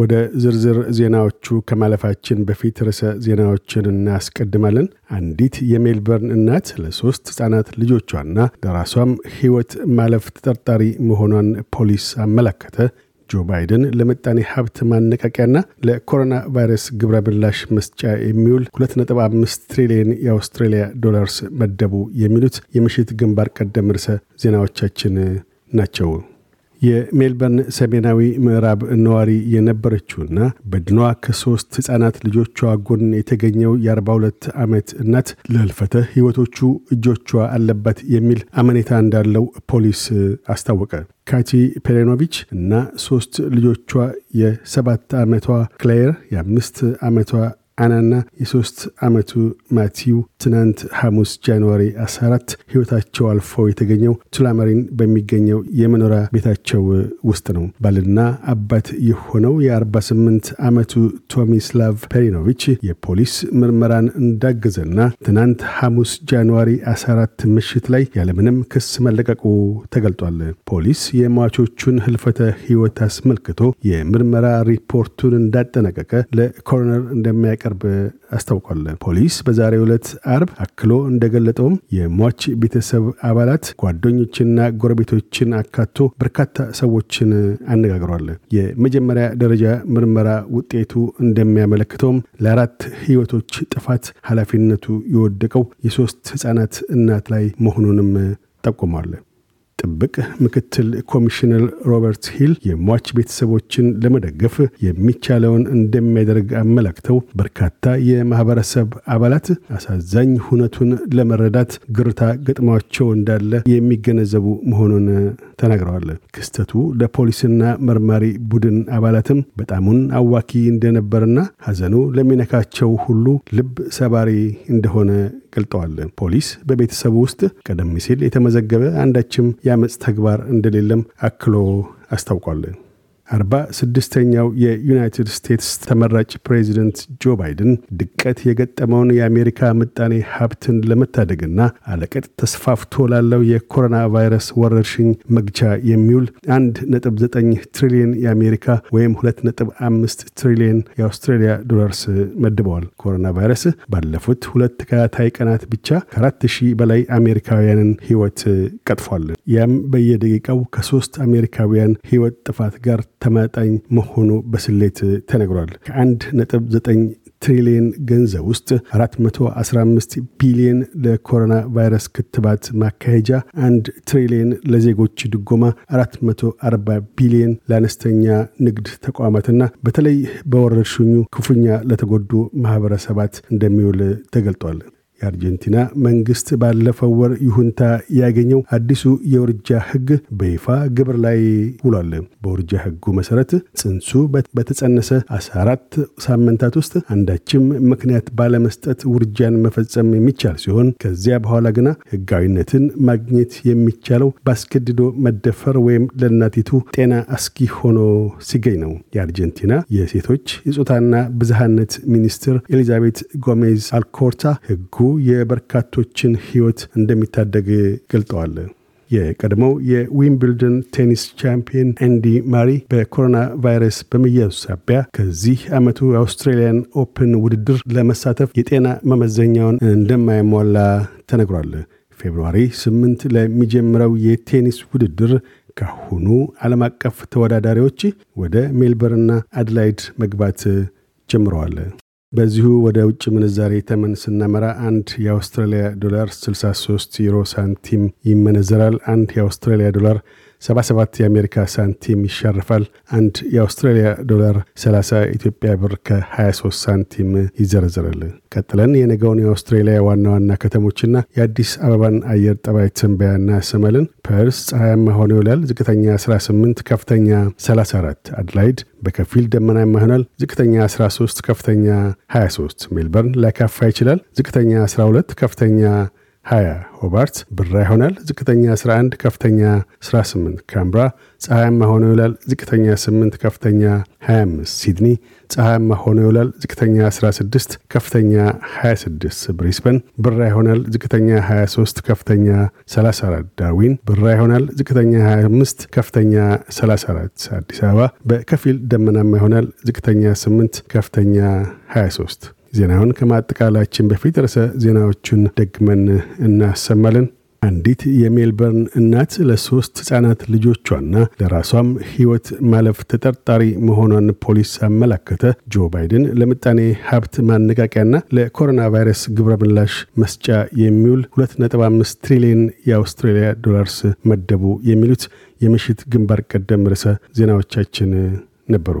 ወደ ዝርዝር ዜናዎቹ ከማለፋችን በፊት ርዕሰ ዜናዎችን እናስቀድማለን። አንዲት የሜልበርን እናት ለሶስት ሕፃናት ልጆቿና ለራሷም ሕይወት ማለፍ ተጠርጣሪ መሆኗን ፖሊስ አመላከተ ጆ ባይደን ለምጣኔ ሀብት ማነቃቂያና ለኮሮና ቫይረስ ግብረ ምላሽ መስጫ የሚውል 2.5 ትሪሊየን የአውስትሬልያ ዶላርስ መደቡ የሚሉት የምሽት ግንባር ቀደም ርዕሰ ዜናዎቻችን ናቸው። የሜልበርን ሰሜናዊ ምዕራብ ነዋሪ የነበረችውና በድኗ ከሶስት ሕፃናት ልጆቿ ጎን የተገኘው የ42 ዓመት እናት ለልፈተ ሕይወቶቹ እጆቿ አለባት የሚል አመኔታ እንዳለው ፖሊስ አስታወቀ። ካቲ ፔሌኖቪች እና ሶስት ልጆቿ የሰባት ዓመቷ ክላየር፣ የአምስት ዓመቷ አናና የሶስት ዓመቱ ማቲው ትናንት ሐሙስ ጃንዋሪ 14 ሕይወታቸው አልፎ የተገኘው ቱላማሪን በሚገኘው የመኖሪያ ቤታቸው ውስጥ ነው። ባልና አባት የሆነው የ48 ዓመቱ ቶሚስላቭ ፔሪኖቪች የፖሊስ ምርመራን እንዳገዘና ትናንት ሐሙስ ጃንዋሪ 14 ምሽት ላይ ያለምንም ክስ መለቀቁ ተገልጧል። ፖሊስ የሟቾቹን ህልፈተ ሕይወት አስመልክቶ የምርመራ ሪፖርቱን እንዳጠናቀቀ ለኮሮነር እንደሚያቀ እንደሚያቀርብ አስታውቋል። ፖሊስ በዛሬው ዕለት አርብ አክሎ እንደገለጠውም የሟች ቤተሰብ አባላት ጓደኞችና ጎረቤቶችን አካቶ በርካታ ሰዎችን አነጋግሯል። የመጀመሪያ ደረጃ ምርመራ ውጤቱ እንደሚያመለክተውም ለአራት ህይወቶች ጥፋት ኃላፊነቱ የወደቀው የሶስት ህጻናት እናት ላይ መሆኑንም ጠቁሟል። ጥብቅ ምክትል ኮሚሽነር ሮበርት ሂል የሟች ቤተሰቦችን ለመደገፍ የሚቻለውን እንደሚያደርግ አመላክተው በርካታ የማህበረሰብ አባላት አሳዛኝ ሁነቱን ለመረዳት ግርታ ገጥሟቸው እንዳለ የሚገነዘቡ መሆኑን ተናግረዋል። ክስተቱ ለፖሊስና መርማሪ ቡድን አባላትም በጣሙን አዋኪ እንደነበርና ሐዘኑ ለሚነካቸው ሁሉ ልብ ሰባሪ እንደሆነ ገልጠዋል። ፖሊስ በቤተሰቡ ውስጥ ቀደም ሲል የተመዘገበ አንዳችም የአመፅ ተግባር እንደሌለም አክሎ አስታውቋል። አርባ ስድስተኛው የዩናይትድ ስቴትስ ተመራጭ ፕሬዚደንት ጆ ባይደን ድቀት የገጠመውን የአሜሪካ ምጣኔ ሀብትን ለመታደግና አለቀጥ ተስፋፍቶ ላለው የኮሮና ቫይረስ ወረርሽኝ መግቻ የሚውል ዘጠኝ ትሪሊየን የአሜሪካ ወይም አምስት ትሪሊየን የአውስትራሊያ ዶላርስ መድበዋል። ኮሮና ቫይረስ ባለፉት ሁለት ተከታታይ ቀናት ብቻ ከ ሺህ በላይ አሜሪካውያንን ህይወት ቀጥፏል። ያም በየደቂቃው ከሶስት አሜሪካውያን ህይወት ጥፋት ጋር ተማጣኝ መሆኑ በስሌት ተነግሯል። ከአንድ ነጥብ ዘጠኝ ትሪሊየን ገንዘብ ውስጥ 415 ቢሊየን ለኮሮና ቫይረስ ክትባት ማካሄጃ፣ አንድ ትሪሊየን ለዜጎች ድጎማ፣ 440 ቢሊየን ለአነስተኛ ንግድ ተቋማትና በተለይ በወረርሽኙ ክፉኛ ለተጎዱ ማህበረሰባት እንደሚውል ተገልጧል። የአርጀንቲና መንግስት ባለፈው ወር ይሁንታ ያገኘው አዲሱ የውርጃ ህግ በይፋ ግብር ላይ ውሏል። በውርጃ ህጉ መሰረት ጽንሱ በተጸነሰ 14 ሳምንታት ውስጥ አንዳችም ምክንያት ባለመስጠት ውርጃን መፈጸም የሚቻል ሲሆን ከዚያ በኋላ ግና ህጋዊነትን ማግኘት የሚቻለው በአስገድዶ መደፈር ወይም ለእናቲቱ ጤና አስጊ ሆኖ ሲገኝ ነው። የአርጀንቲና የሴቶች የጾታና ብዝሃነት ሚኒስትር ኤሊዛቤት ጎሜዝ አልኮርታ ህጉ የበርካቶችን ሕይወት እንደሚታደግ ገልጠዋል። የቀድሞው የዊምብልደን ቴኒስ ቻምፒየን አንዲ ማሪ በኮሮና ቫይረስ በመያዙ ሳቢያ ከዚህ ዓመቱ የአውስትራሊያን ኦፕን ውድድር ለመሳተፍ የጤና መመዘኛውን እንደማይሟላ ተነግሯል። ፌብርዋሪ 8 ለሚጀምረው የቴኒስ ውድድር ካሁኑ ዓለም አቀፍ ተወዳዳሪዎች ወደ ሜልበርንና አድላይድ መግባት ጀምረዋል። በዚሁ ወደ ውጭ ምንዛሬ ተመን ስናመራ አንድ የአውስትራሊያ ዶላር 63 ዩሮ ሳንቲም ይመነዘራል። አንድ የአውስትራሊያ ዶላር 77 የአሜሪካ ሳንቲም ይሸርፋል። አንድ የአውስትራሊያ ዶላር 30 ኢትዮጵያ ብር ከ23 ሳንቲም ይዘረዝራል። ቀጥለን የነገውን የአውስትሬሊያ ዋና ዋና ከተሞችና የአዲስ አበባን አየር ጠባይ ትንበያ እናሰማለን። ፐርስ ፀሐያማ ሆኖ ይውላል። ዝቅተኛ 18፣ ከፍተኛ 34። አድላይድ በከፊል ደመናማ ይሆናል። ዝቅተኛ 13፣ ከፍተኛ 23። ሜልበርን ሊያካፋ ይችላል። ዝቅተኛ 12፣ ከፍተኛ 20 ሆባርት ብራ ይሆናል። ዝቅተኛ 11፣ ከፍተኛ 18። ካምብራ ፀሐያማ ሆኖ ይውላል። ዝቅተኛ 8፣ ከፍተኛ 25። ሲድኒ ፀሐያማ ሆኖ ይውላል። ዝቅተኛ 16፣ ከፍተኛ 26። ብሪስበን ብራ ይሆናል። ዝቅተኛ 23፣ ከፍተኛ 34። ዳርዊን ብራ ይሆናል። ዝቅተኛ 25፣ ከፍተኛ 34። አዲስ አበባ በከፊል ደመናማ ይሆናል። ዝቅተኛ 8፣ ከፍተኛ 23 ዜናውን ከማጠቃላችን በፊት ርዕሰ ዜናዎቹን ደግመን እናሰማለን። አንዲት የሜልበርን እናት ለሶስት ሕፃናት ልጆቿና ለራሷም ሕይወት ማለፍ ተጠርጣሪ መሆኗን ፖሊስ አመላከተ። ጆ ባይደን ለምጣኔ ሀብት ማነቃቂያና ለኮሮና ቫይረስ ግብረ ምላሽ መስጫ የሚውል 2.5 ትሪሊዮን የአውስትራሊያ ዶላርስ መደቡ። የሚሉት የምሽት ግንባር ቀደም ርዕሰ ዜናዎቻችን ነበሩ።